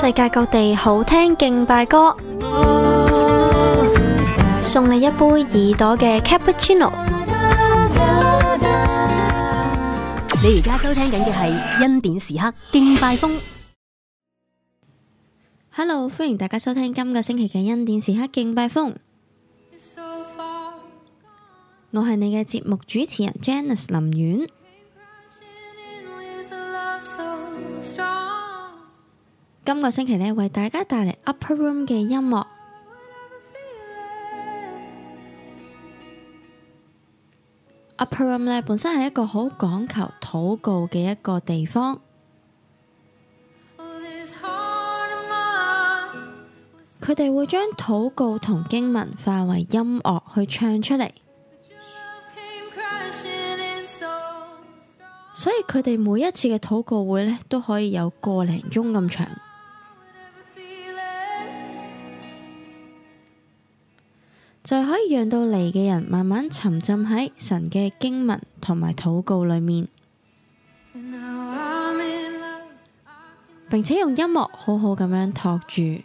世界各地好聽敬拜歌，送你一杯耳朵嘅 Cappuccino。你而家收聽緊嘅係恩典時刻敬拜風。Hello，歡迎大家收聽今個星期嘅恩典時刻敬拜風。我係你嘅節目主持人 Janice 林苑。今個星期呢，為大家帶嚟 Upper Room 嘅音樂。Upper Room 呢本身係一個好講求禱告嘅一個地方。佢哋會將禱告同經文化為音樂去唱出嚟。所以佢哋每一次嘅禱告會呢，都可以有個零鐘咁長。就可以讓到嚟嘅人慢慢沉浸喺神嘅經文同埋禱告裏面，並且用音樂好好咁樣托住。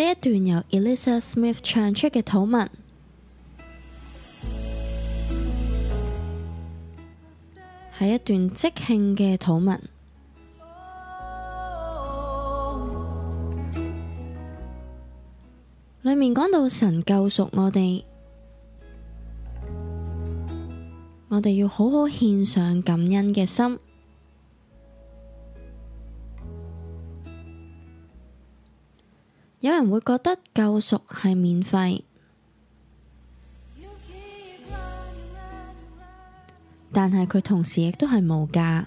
呢一段由 Elisa Smith 唱出嘅禱文，係一段即興嘅禱文，裏面講到神救贖我哋，我哋要好好獻上感恩嘅心。有人會覺得救贖係免費，但係佢同時亦都係無價。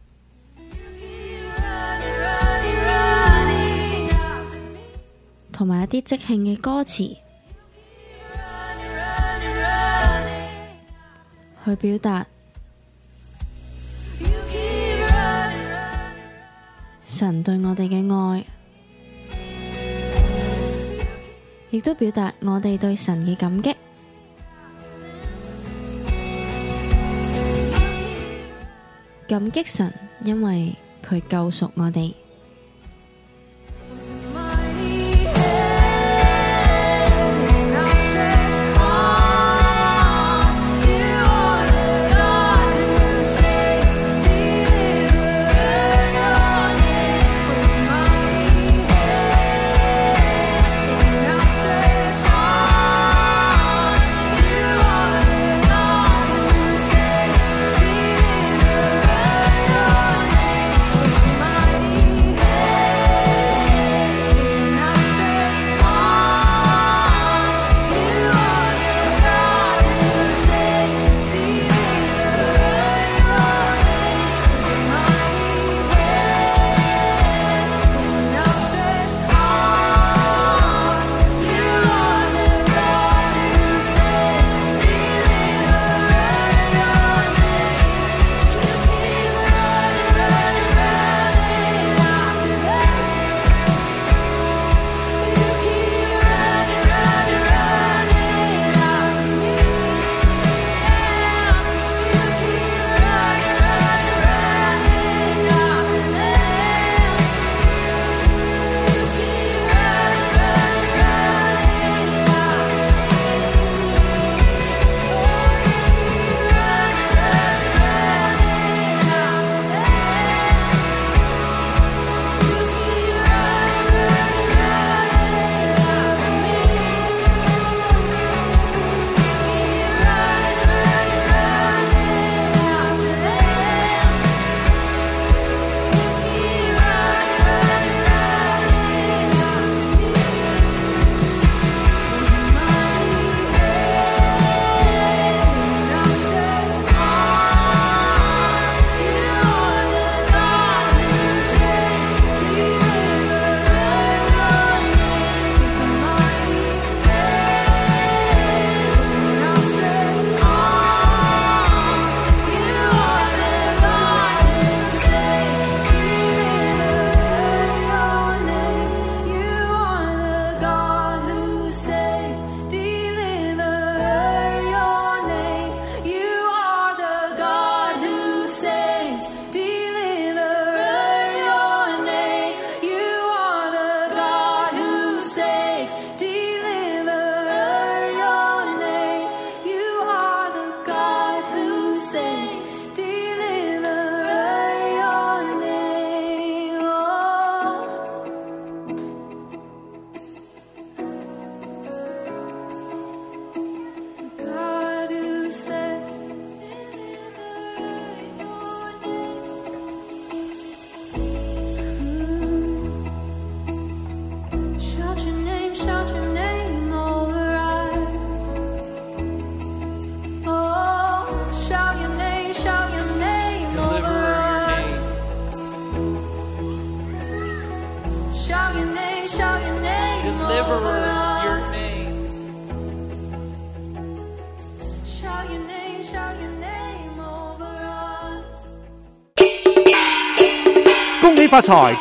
同埋一啲即興嘅歌詞，去表達神對我哋嘅愛，亦都表達我哋對神嘅感激，感激神，因為佢救贖我哋。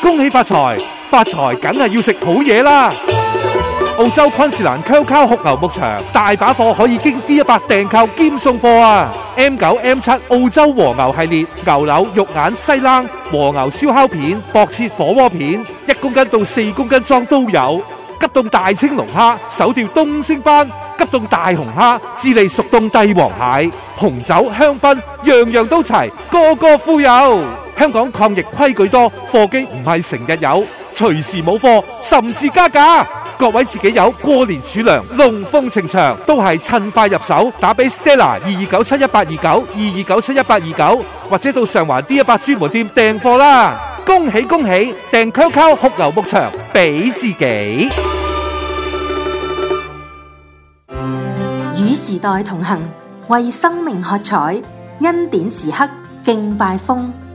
恭喜發財，發財梗係要食好嘢啦！澳洲昆士蘭 QQ 紅牛牧場大把貨可以經 D 一百訂購兼送貨啊！M 九 M 七澳洲和牛系列牛柳、肉眼西冷、和牛燒烤片、薄切火鍋片，一公斤到四公斤裝都有。急凍大青龍蝦、手釣東星斑、急凍大紅蝦、智利熟凍帝王蟹、紅酒香檳，樣樣都齊，個個富有。香港抗疫規矩多，貨機唔係成日有，隨時冇貨，甚至加價。各位自己有過年儲糧，龍鳳呈祥都係趁快入手。打俾 Stella 二二九七一八二九二二九七一八二九，或者到上環 D 十八專門店訂貨啦。恭喜恭喜，訂 Q Q 黑牛牧場俾自己，與時代同行，為生命喝彩，恩典時刻敬拜風。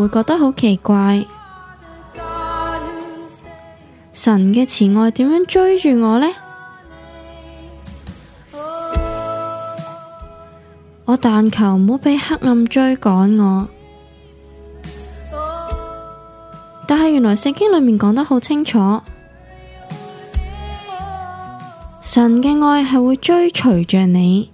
會覺得好奇怪，神嘅慈愛點樣追住我呢？我但求唔好俾黑暗追趕我，但係原來聖經裏面講得好清楚，神嘅愛係會追隨著你。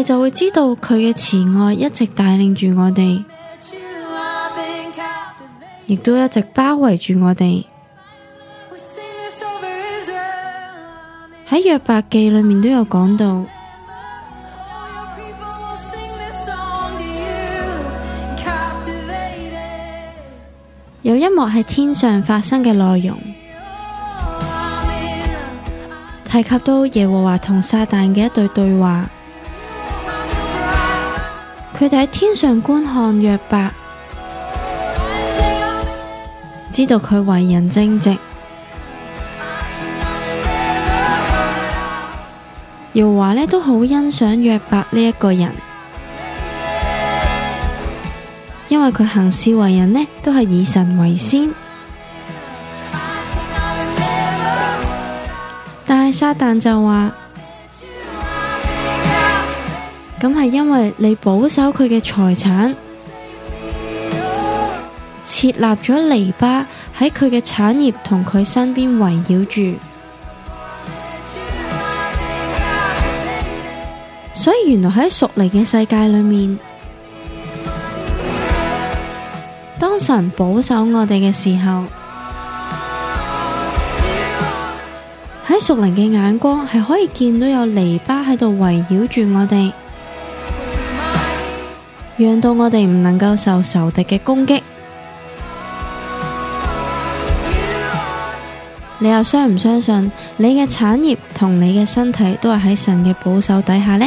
你就會知道佢嘅慈愛一直帶領住我哋，亦都一直包圍住我哋。喺約伯記裏面都有講到，有一幕喺天上發生嘅內容，提及到耶和華同撒旦嘅一段對話。佢哋喺天上觀看約伯，知道佢為人正直，耶和華都好欣賞約伯呢一個人，因為佢行事為人都係以神為先。但係撒但就話。咁係因為你保守佢嘅財產，設立咗籬笆喺佢嘅產業同佢身邊圍繞住，所以原來喺屬靈嘅世界裏面，當神保守我哋嘅時候，喺屬靈嘅眼光係可以見到有籬笆喺度圍繞住我哋。讓到我哋唔能夠受仇敵嘅攻擊，你又相唔相信你嘅產業同你嘅身體都係喺神嘅保守底下呢？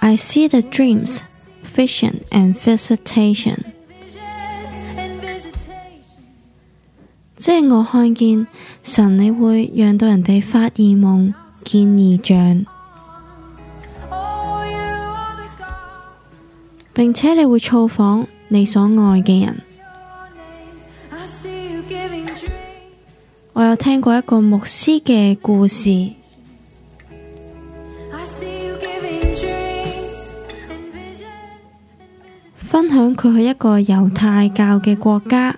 I see the dreams, vision and visitation。即係我看見神，你會讓到人哋發異夢、見異象，oh, 並且你會造訪你所愛嘅人。我有聽過一個牧師嘅故事。分享佢去一個猶太教嘅國家，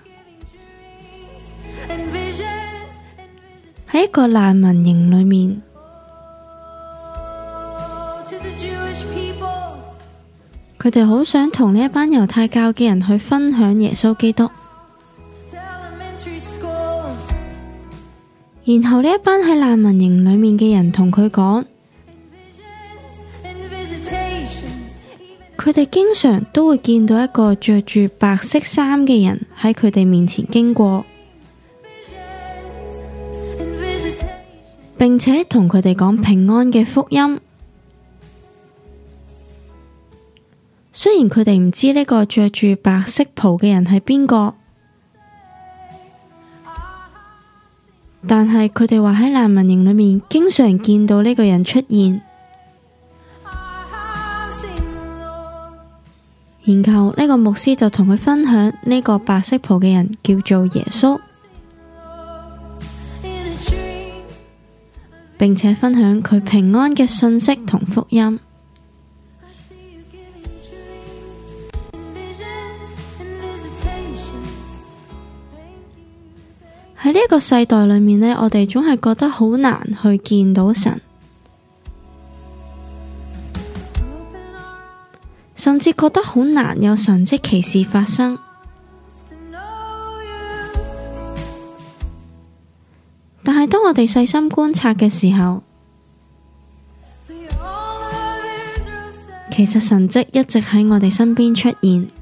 喺一個難民營裏面，佢哋好想同呢一班猶太教嘅人去分享耶穌基督。然後呢一班喺難民營裏面嘅人同佢講。佢哋經常都會見到一個着住白色衫嘅人喺佢哋面前經過，並且同佢哋講平安嘅福音。雖然佢哋唔知呢個着住白色袍嘅人係邊個，但係佢哋話喺難民營裏面經常見到呢個人出現。然後呢個牧師就同佢分享呢個白色袍嘅人叫做耶穌，並且分享佢平安嘅信息同福音。喺呢一個世代裏面呢，我哋總係覺得好難去見到神。甚至覺得好難有神蹟奇事發生，但係當我哋細心觀察嘅時候，其實神蹟一直喺我哋身邊出現。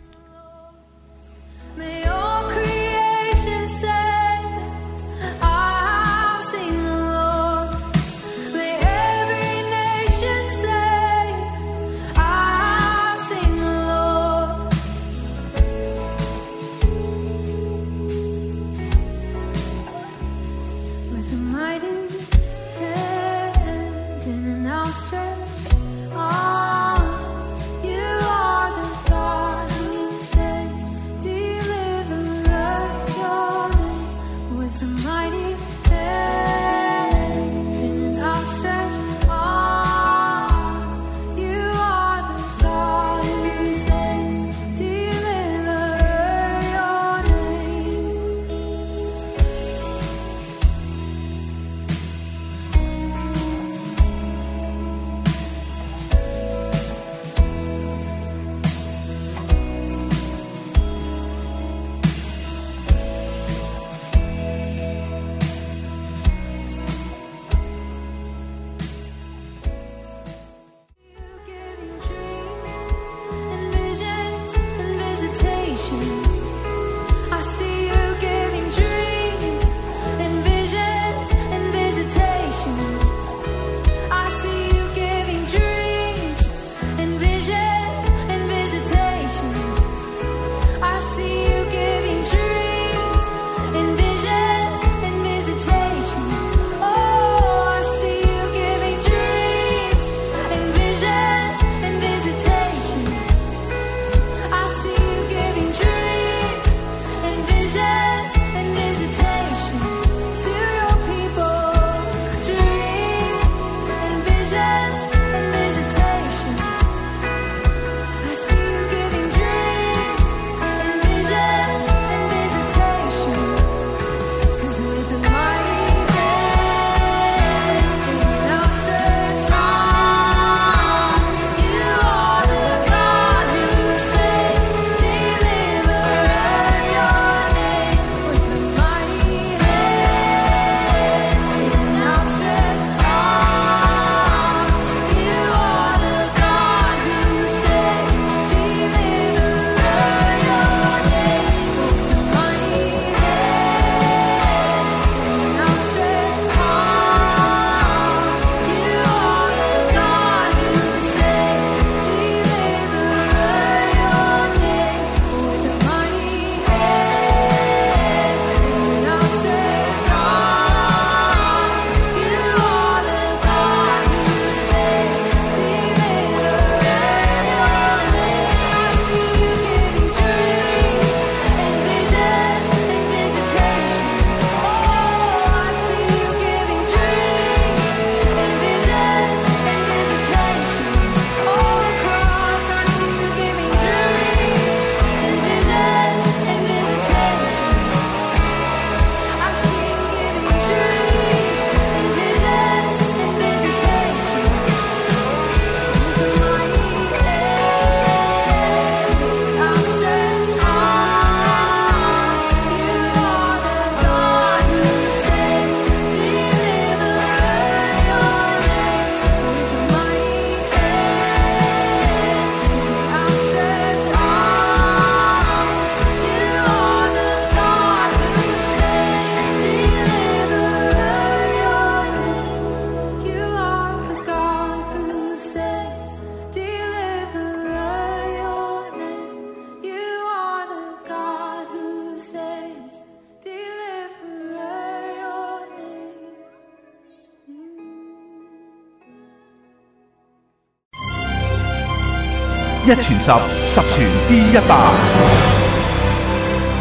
一傳十，十傳 D 一百。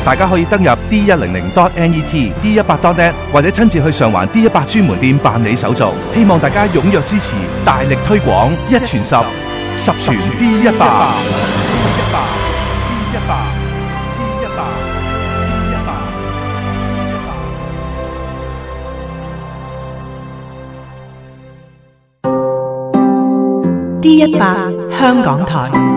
大家可以登入 D 一零零 .dot.net，D 一百 .dot.net，或者親自去上環 D 一百專門店辦理手續。希望大家踴躍支持，大力推廣一傳十，十傳 D 一百。D 一百，D 一百，D 一百，D 一百，D 一百，D 一百。D 一百香港台。